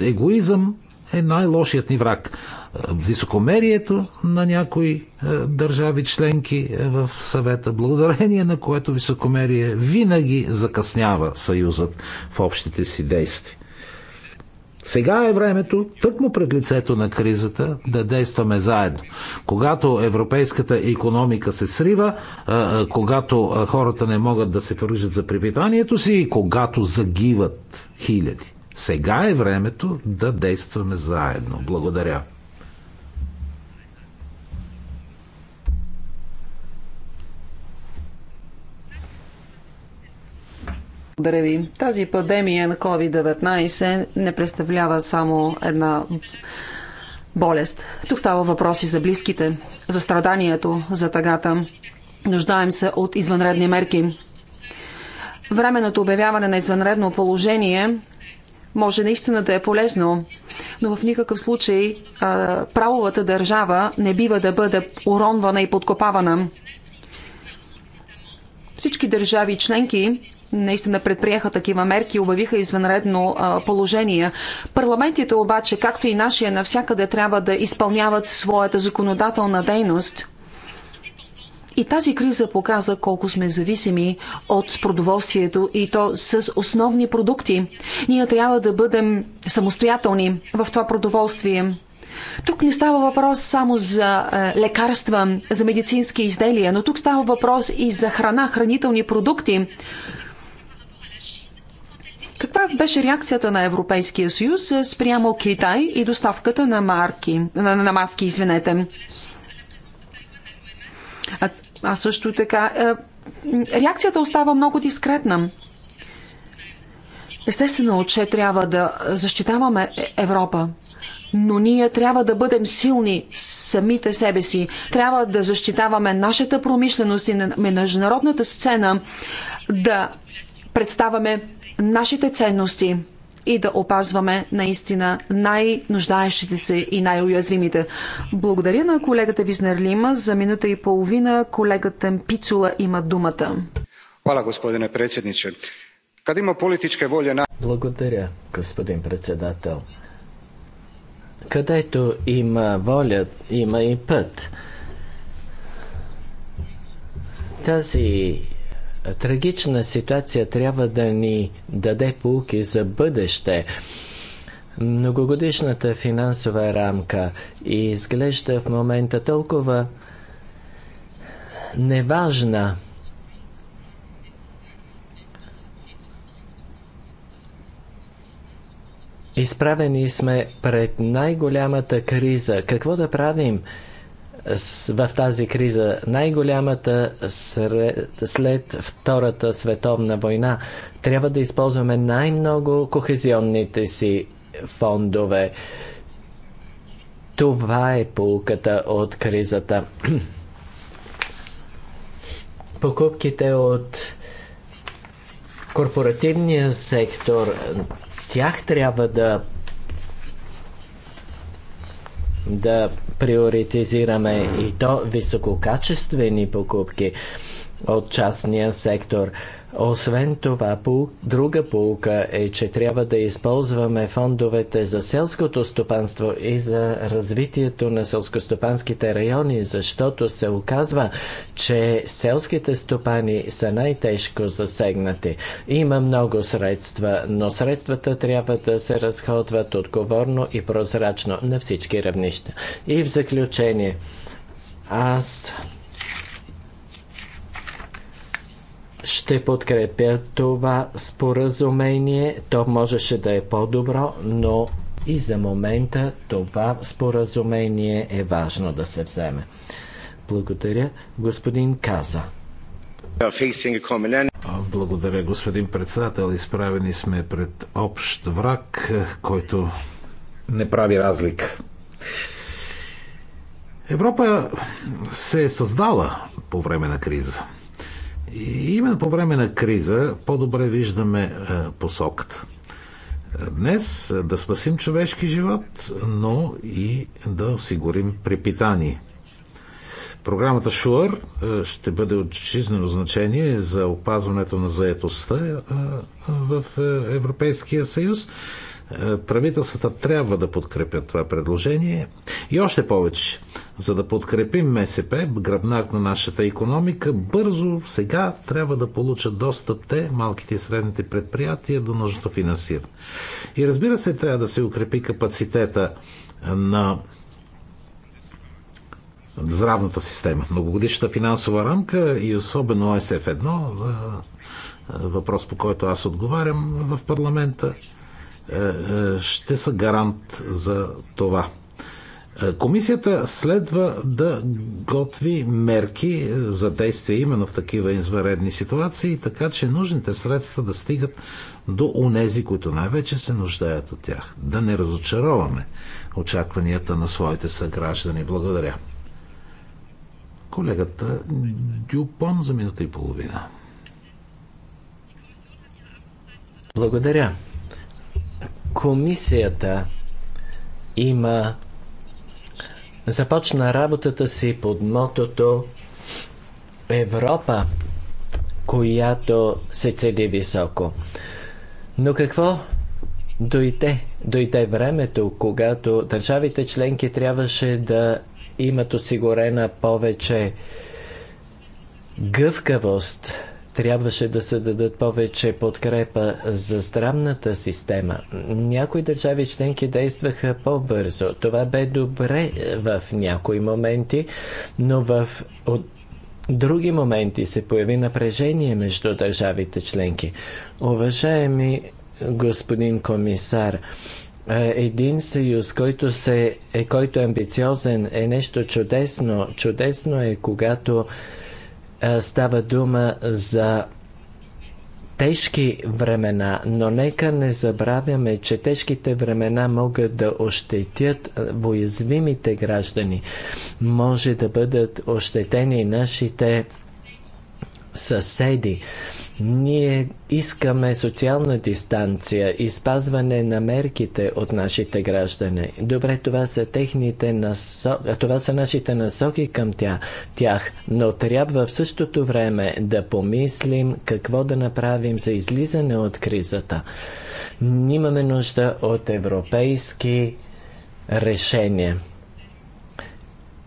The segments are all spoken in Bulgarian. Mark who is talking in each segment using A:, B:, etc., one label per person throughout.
A: егоизъм е най-лошият ни враг. Високомерието на някои е, държави членки е в съвета, благодарение на което високомерие винаги закъснява съюзът в общите си действия. Сега е времето, тъкмо пред лицето на кризата, да действаме заедно. Когато европейската економика се срива, е, когато хората не могат да се поръжат за препитанието си и когато загиват хиляди. Сега е времето да действаме заедно. Благодаря.
B: Благодаря ви. Тази пандемия на COVID-19 не представлява само една болест. Тук става въпроси за близките, за страданието, за тъгата. Нуждаем се от извънредни мерки. Временното обявяване на извънредно положение може наистина да е полезно, но в никакъв случай правовата държава не бива да бъде уронвана и подкопавана. Всички държави членки наистина предприеха такива мерки, обявиха извънредно а, положение. Парламентите обаче, както и нашия, навсякъде трябва да изпълняват своята законодателна дейност – и тази криза показа колко сме зависими от продоволствието и то с основни продукти. Ние трябва да бъдем самостоятелни в това продоволствие. Тук не става въпрос само за е, лекарства, за медицински изделия, но тук става въпрос и за храна, хранителни продукти. Каква беше реакцията на Европейския съюз е, спрямо Китай и доставката на, марки, на, на маски? Извинете. А, а също така, а, е, реакцията остава много дискретна. Естествено, че трябва да защитаваме е- Европа, но ние трябва да бъдем силни самите себе си. Трябва да защитаваме нашата промишленост и международната сцена, да представяме нашите ценности – и да опазваме наистина най-нуждаещите се и най-уязвимите. Благодаря на колегата Визнер Лима. За минута и половина колегата Пицула има думата.
C: Hvala gospodine predsjedniče. Къде има političke воля на... Благодаря, господин председател. Където има воля, има и път. Тази трагична ситуация трябва да ни даде полки за бъдеще. Многогодишната финансова рамка изглежда в момента толкова неважна. Изправени сме пред най-голямата криза. Какво да правим? в тази криза най-голямата след Втората световна война. Трябва да използваме най-много кохезионните си фондове. Това е полуката от кризата. Покупките от корпоративния сектор, тях трябва да да приоритизираме и то висококачествени покупки от частния сектор. Освен това, друга полука е, че трябва да използваме фондовете за селското стопанство и за развитието на селскостопанските райони, защото се оказва, че селските стопани са най-тежко засегнати. Има много средства, но средствата трябва да се разходват отговорно и прозрачно на всички равнища. И в заключение, аз ще подкрепя това споразумение. То можеше да е по-добро, но и за момента това споразумение е важно да се вземе. Благодаря, господин Каза.
A: Благодаря, господин председател. Изправени сме пред общ враг, който не прави разлика. Европа се е създала по време на криза. И именно по време на криза по-добре виждаме е, посоката. Днес е, да спасим човешки живот, но и да осигурим препитание. Програмата Шуър е, ще бъде от жизнено значение за опазването на заетостта в Европейския съюз е, правителствата трябва да подкрепят това предложение и още повече, за да подкрепим МСП, гръбнак на нашата економика, бързо сега трябва да получат достъп те, малките и средните предприятия, до нужното финансиране. И разбира се, трябва да се укрепи капацитета на здравната система. Многогодишната финансова рамка и особено ОСФ-1, е, е, въпрос по който аз отговарям в парламента, е, е, ще са гарант за това. Е, комисията следва да готви мерки за действие именно в такива извънредни ситуации, така че нужните средства да стигат до унези, които най-вече се нуждаят от тях. Да не разочароваме очакванията на своите съграждани. Благодаря. Колегата Дюпон за минута и половина.
C: Благодаря. Комисията има започна работата си под мотото Европа, която се цели високо. Но какво дойде? Дойде времето, когато държавите членки трябваше да имат осигурена повече гъвкавост – трябваше да се дадат повече подкрепа за здравната система. Някои държави членки действаха по-бързо. Това бе добре е, в някои моменти, но в от други моменти се появи напрежение между държавите членки. Уважаеми господин комисар, е, един съюз, който, се, е, който е амбициозен, е нещо чудесно. Чудесно е, когато е, става дума за тежки времена, но нека не забравяме, че тежките времена могат да ощетят е, уязвимите граждани. Може да бъдат ощетени нашите съседи. Ние искаме социална дистанция и спазване на мерките от нашите граждани. Добре, това са техните насоки, това са нашите насоки към тя, тях, но трябва в същото време да помислим какво да направим за излизане от кризата. Имаме нужда от европейски решения.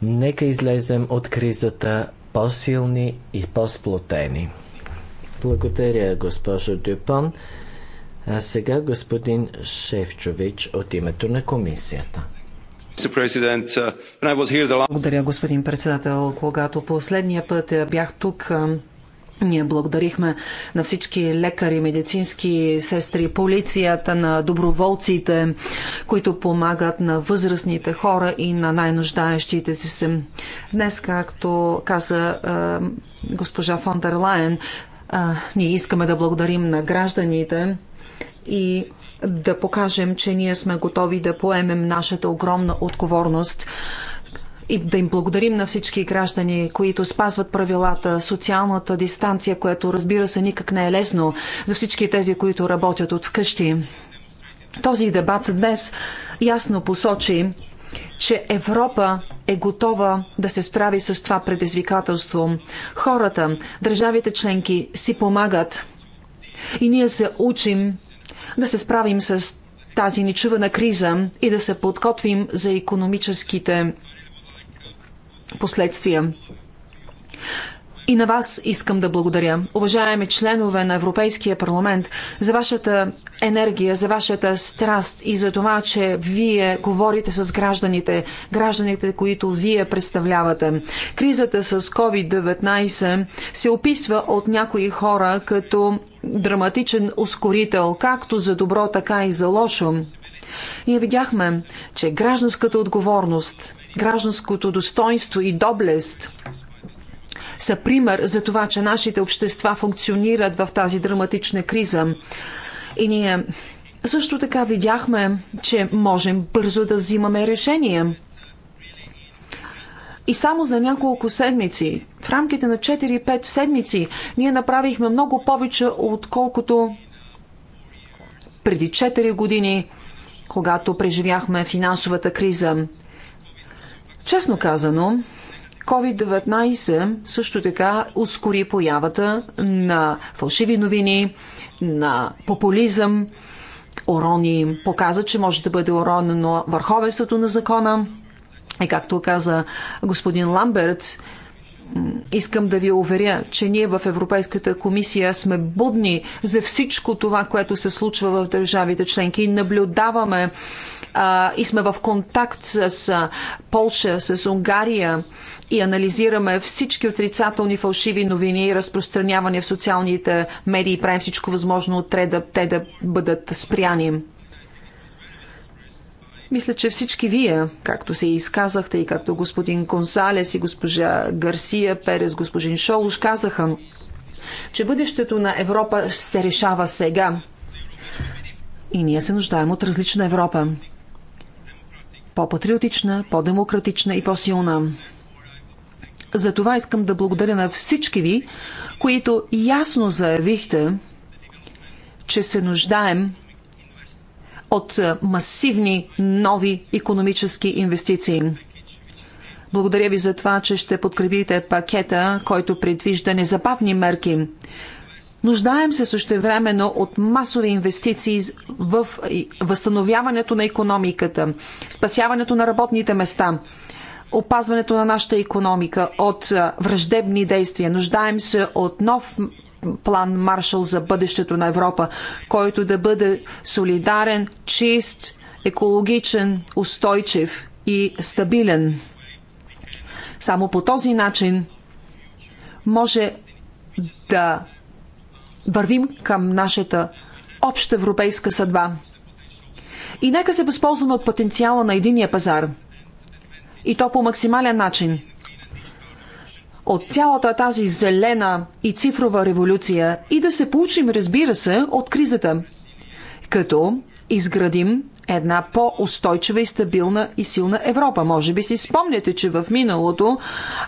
C: Нека излезем от кризата по-силни и по-сплотени. Благодаря, госпожо Дюпон. А сега господин Шевчович от името на комисията.
B: Uh, Благодаря, господин председател. Когато последния път е, бях тук, е, ние благодарихме на всички лекари, медицински сестри, полицията, на доброволците, които помагат на възрастните хора и на най-нуждаещите си се. Днес, както каза е, госпожа фон дер Лайен, а, ние искаме да благодарим на гражданите и да покажем, че ние сме готови да поемем нашата огромна отговорност и да им благодарим на всички граждани, които спазват правилата, социалната дистанция, което разбира се никак не е лесно за всички тези, които работят от вкъщи. Този дебат днес ясно посочи, че Европа е готова да се справи с това предизвикателство. Хората, държавите членки си помагат и ние се учим да се справим с тази нечувана криза и да се подготвим за економическите последствия. И на вас искам да благодаря, уважаеми членове на Европейския парламент, за вашата енергия, за вашата страст и за това, че вие говорите с гражданите, гражданите, които вие представлявате. Кризата с COVID-19 се описва от някои хора като драматичен ускорител, както за добро, така и за лошо. Ние видяхме, че гражданската отговорност, гражданското достоинство и доблест – са пример за това, че нашите общества функционират в тази драматична криза. И ние също така видяхме, че можем бързо да взимаме решение. И само за няколко седмици, в рамките на 4-5 седмици, ние направихме много повече, отколкото преди 4 години, когато преживяхме финансовата криза. Честно казано, COVID-19 също така ускори появата на фалшиви новини, на популизъм, урони, показа, че може да бъде уронено върховенството на закона. И както каза господин Ламберт, искам да ви уверя, че ние в Европейската комисия сме будни за всичко това, което се случва в държавите членки. Наблюдаваме а, и сме в контакт с а, Полша, с Унгария, и анализираме всички отрицателни фалшиви новини, разпространяване в социалните медии и правим всичко възможно те да, те да бъдат спряни. Мисля, че всички вие, както се изказахте и както господин Консалес и госпожа Гарсия Перес, господин Шолуш казаха, че бъдещето на Европа се решава сега. И ние се нуждаем от различна Европа. По-патриотична, по-демократична и по-силна. Затова искам да благодаря на всички ви, които ясно заявихте, че се нуждаем от масивни нови економически инвестиции. Благодаря ви за това, че ще подкрепите пакета, който предвижда незабавни мерки. Нуждаем се същевременно от масови инвестиции в възстановяването на економиката, спасяването на работните места, опазването на нашата економика от враждебни действия. Нуждаем се от нов план Маршал за бъдещето на Европа, който да бъде солидарен, чист, екологичен, устойчив и стабилен. Само по този начин може да вървим към нашата обща европейска съдба. И нека се възползваме от потенциала на единия пазар – и то по максимален начин. От цялата тази зелена и цифрова революция и да се получим, разбира се, от кризата, като изградим една по-устойчива и стабилна и силна Европа. Може би си спомняте, че в миналото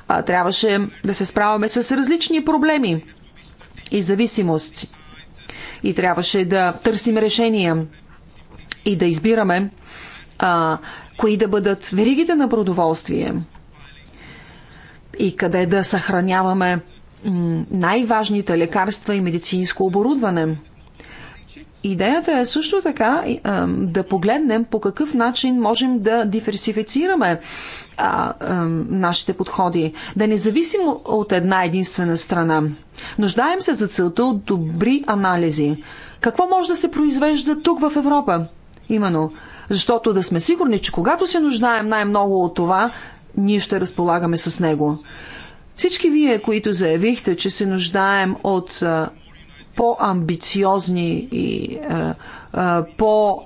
B: а, трябваше да се справяме с различни проблеми и зависимости. И трябваше да търсим решения и да избираме а, кои да бъдат веригите на продоволствие и къде да съхраняваме най-важните лекарства и медицинско оборудване. Идеята е също така да погледнем по какъв начин можем да диверсифицираме нашите подходи, да не зависим от една единствена страна. Нуждаем се за целта от добри анализи. Какво може да се произвежда тук в Европа? Именно защото да сме сигурни, че когато се нуждаем най-много от това, ние ще разполагаме с него. Всички вие, които заявихте, че се нуждаем от по-амбициозни и по-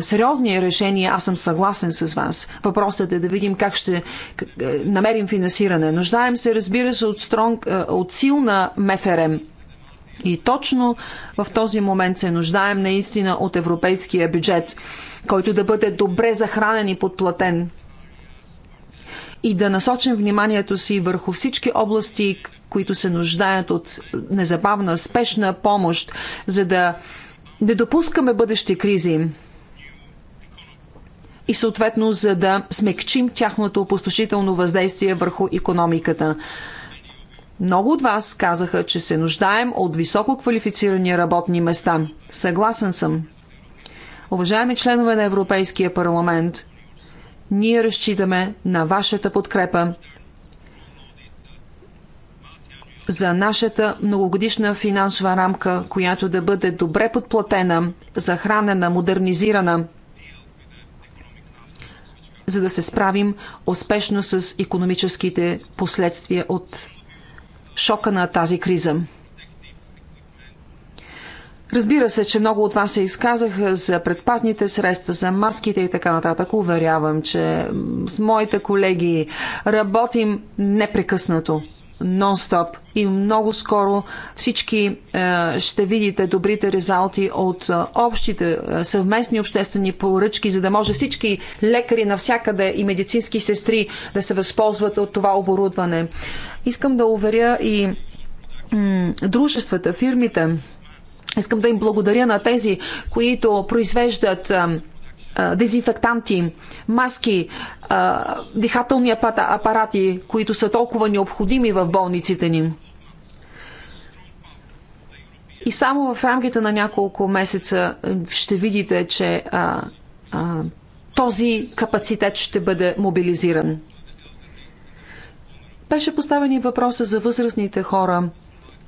B: сериозни решения, аз съм съгласен с вас. Въпросът е да видим как ще е, намерим финансиране. Нуждаем се, разбира се, от, стронг, е, от силна МФРМ. И точно в този момент се нуждаем наистина от европейския бюджет, който да бъде добре захранен и подплатен. И да насочим вниманието си върху всички области, които се нуждаят от незабавна, спешна помощ, за да не допускаме бъдещи кризи и съответно за да смекчим тяхното опустошително въздействие върху економиката. Много от вас казаха, че се нуждаем от високо квалифицирани работни места. Съгласен съм. Уважаеми членове на Европейския парламент, ние разчитаме на вашата подкрепа за нашата многогодишна финансова рамка, която да бъде добре подплатена, захранена, модернизирана, за да се справим успешно с економическите последствия от шока на тази криза. Разбира се, че много от вас се изказаха за предпазните средства, за маските и така нататък. Уверявам, че с моите колеги работим непрекъснато нон-стоп и много скоро всички е, ще видите добрите резалти от е, общите е, съвместни обществени поръчки, за да може всички лекари навсякъде и медицински сестри да се възползват от това оборудване. Искам да уверя и дружествата, фирмите. Искам да им благодаря на тези, които произвеждат дезинфектанти, маски, дихателни апарати, които са толкова необходими в болниците ни. И само в рамките на няколко месеца ще видите, че а, а, този капацитет ще бъде мобилизиран. Беше поставен и въпроса за възрастните хора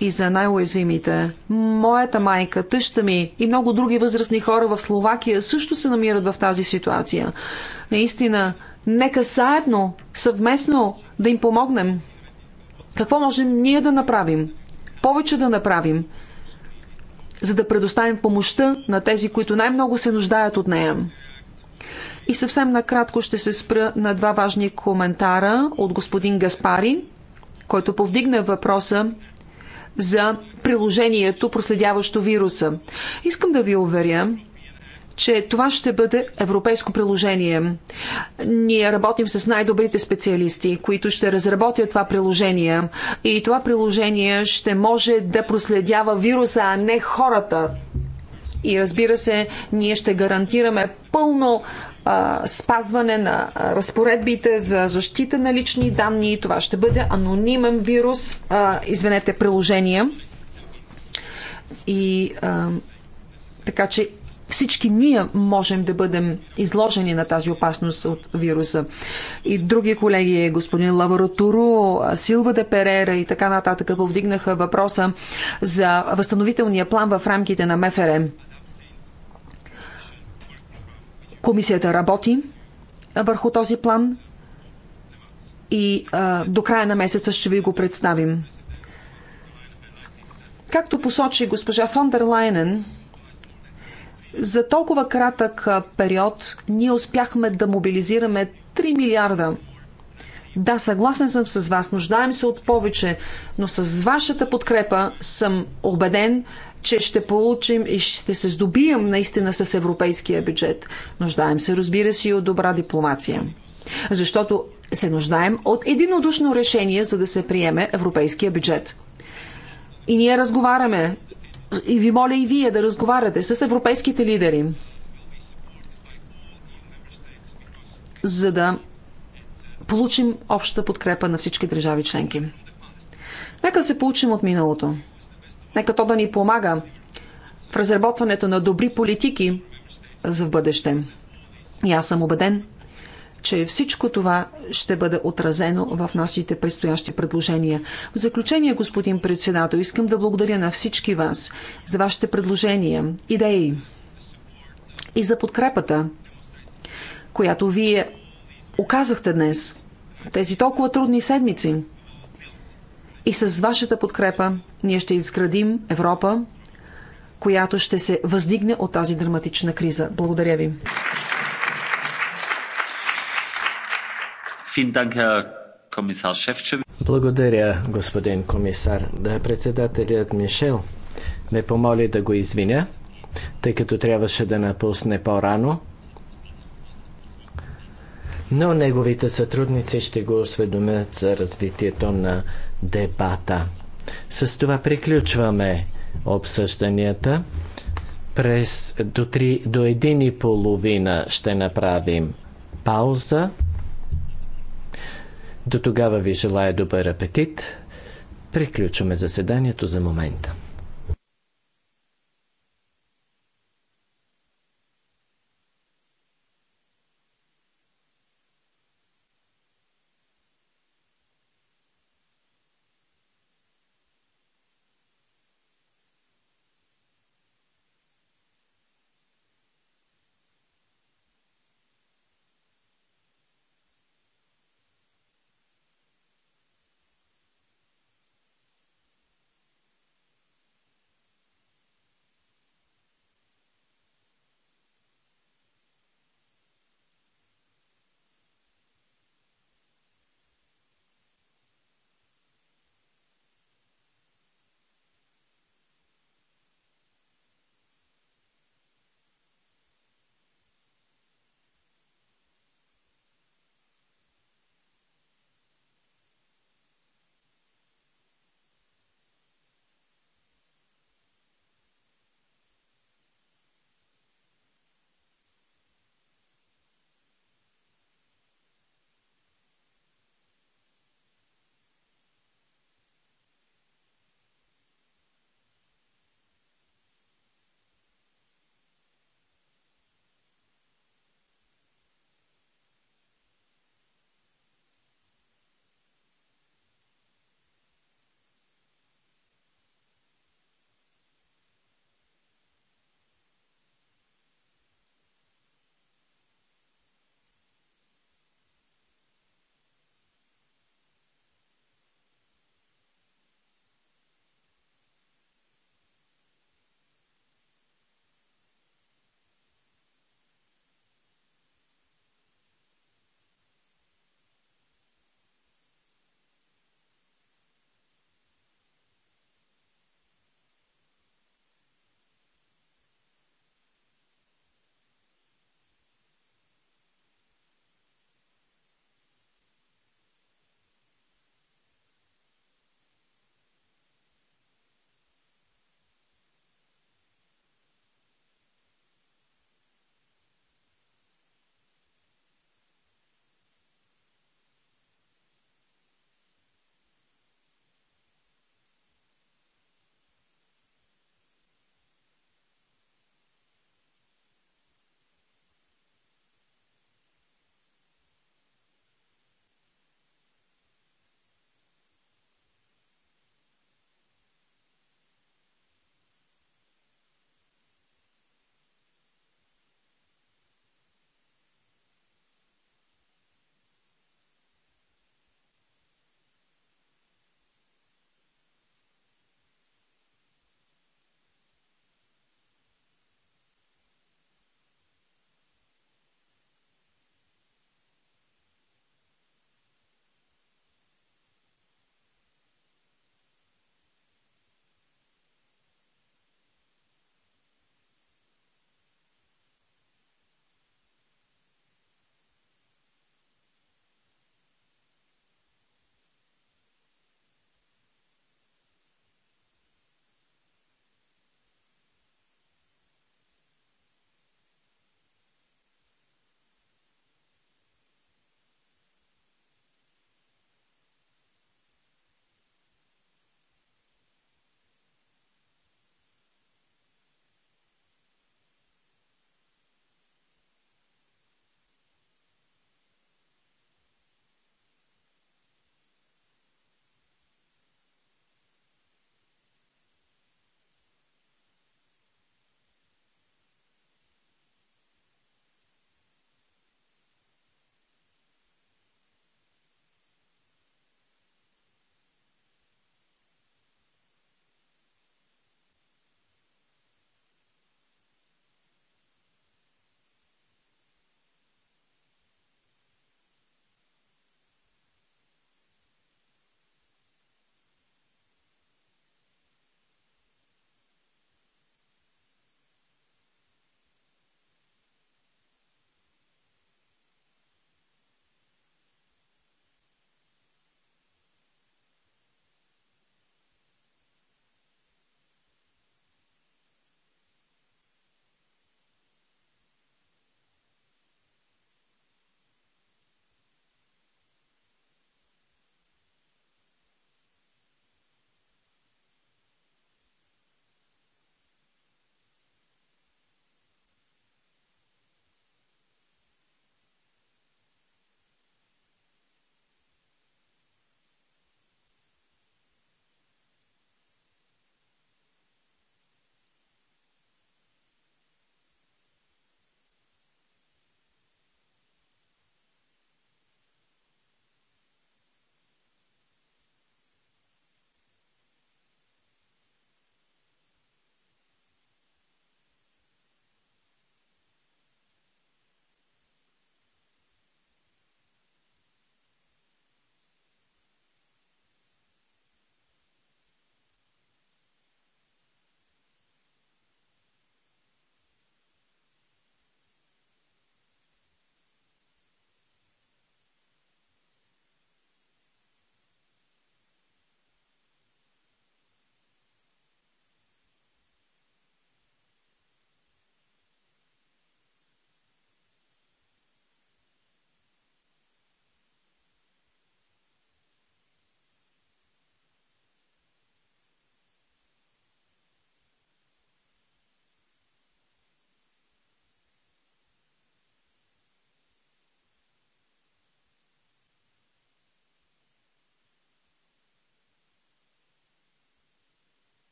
B: и за най-уязвимите. Моята майка, тъща ми и много други възрастни хора в Словакия също се намират в тази ситуация. Наистина, нека заедно, съвместно да им помогнем. Какво можем ние да направим? Повече да направим, за да предоставим помощта на тези, които най-много се нуждаят от нея. И съвсем накратко ще се спра на два важни коментара от господин Гаспари, който повдигна въпроса за приложението, проследяващо вируса. Искам да ви уверя, че това ще бъде европейско приложение. Ние работим с най-добрите специалисти, които ще разработят това приложение. И това приложение ще може да проследява вируса, а не хората. И разбира се, ние ще гарантираме пълно спазване на разпоредбите за защита на лични данни. Това ще бъде анонимен вирус, а, извинете, приложение. И а, така че всички ние можем да бъдем изложени на тази опасност от вируса. И други колеги, господин Лаваротуру, Силва де Перера и така нататък повдигнаха въпроса за възстановителния план в рамките на МФРМ. Комисията работи върху този план и а, до края на месеца ще ви го представим. Както посочи госпожа Фондер Лайнен, за толкова кратък период ние успяхме да мобилизираме 3 милиарда. Да, съгласен съм с вас, нуждаем се от повече, но с вашата подкрепа съм убеден, че ще получим и ще се здобием наистина с европейския бюджет. Нуждаем се, разбира се, и от добра дипломация. Защото се нуждаем от единодушно решение, за да се приеме европейския бюджет. И ние разговаряме, и ви моля и вие да разговаряте с европейските лидери, за да получим обща подкрепа на всички държави членки. Нека да се получим от миналото. Нека то да ни помага в разработването на добри политики за в бъдеще. И аз съм убеден, че всичко това ще бъде отразено в нашите предстоящи предложения. В заключение, господин председател, искам да благодаря на всички вас за вашите предложения, идеи и за подкрепата, която вие оказахте днес тези толкова трудни седмици. И с вашата подкрепа ние ще изградим Европа, която ще се въздигне от тази драматична криза. Благодаря ви.
C: Благодаря, господин комисар. Да, председателят Мишел ме помоли да го извиня, тъй като трябваше да напусне по-рано. Но неговите сътрудници ще го осведомят за развитието на дебата. С това приключваме обсъжданията. През до, три, до 1 и половина ще направим пауза. До тогава ви желая добър апетит. Приключваме заседанието за момента.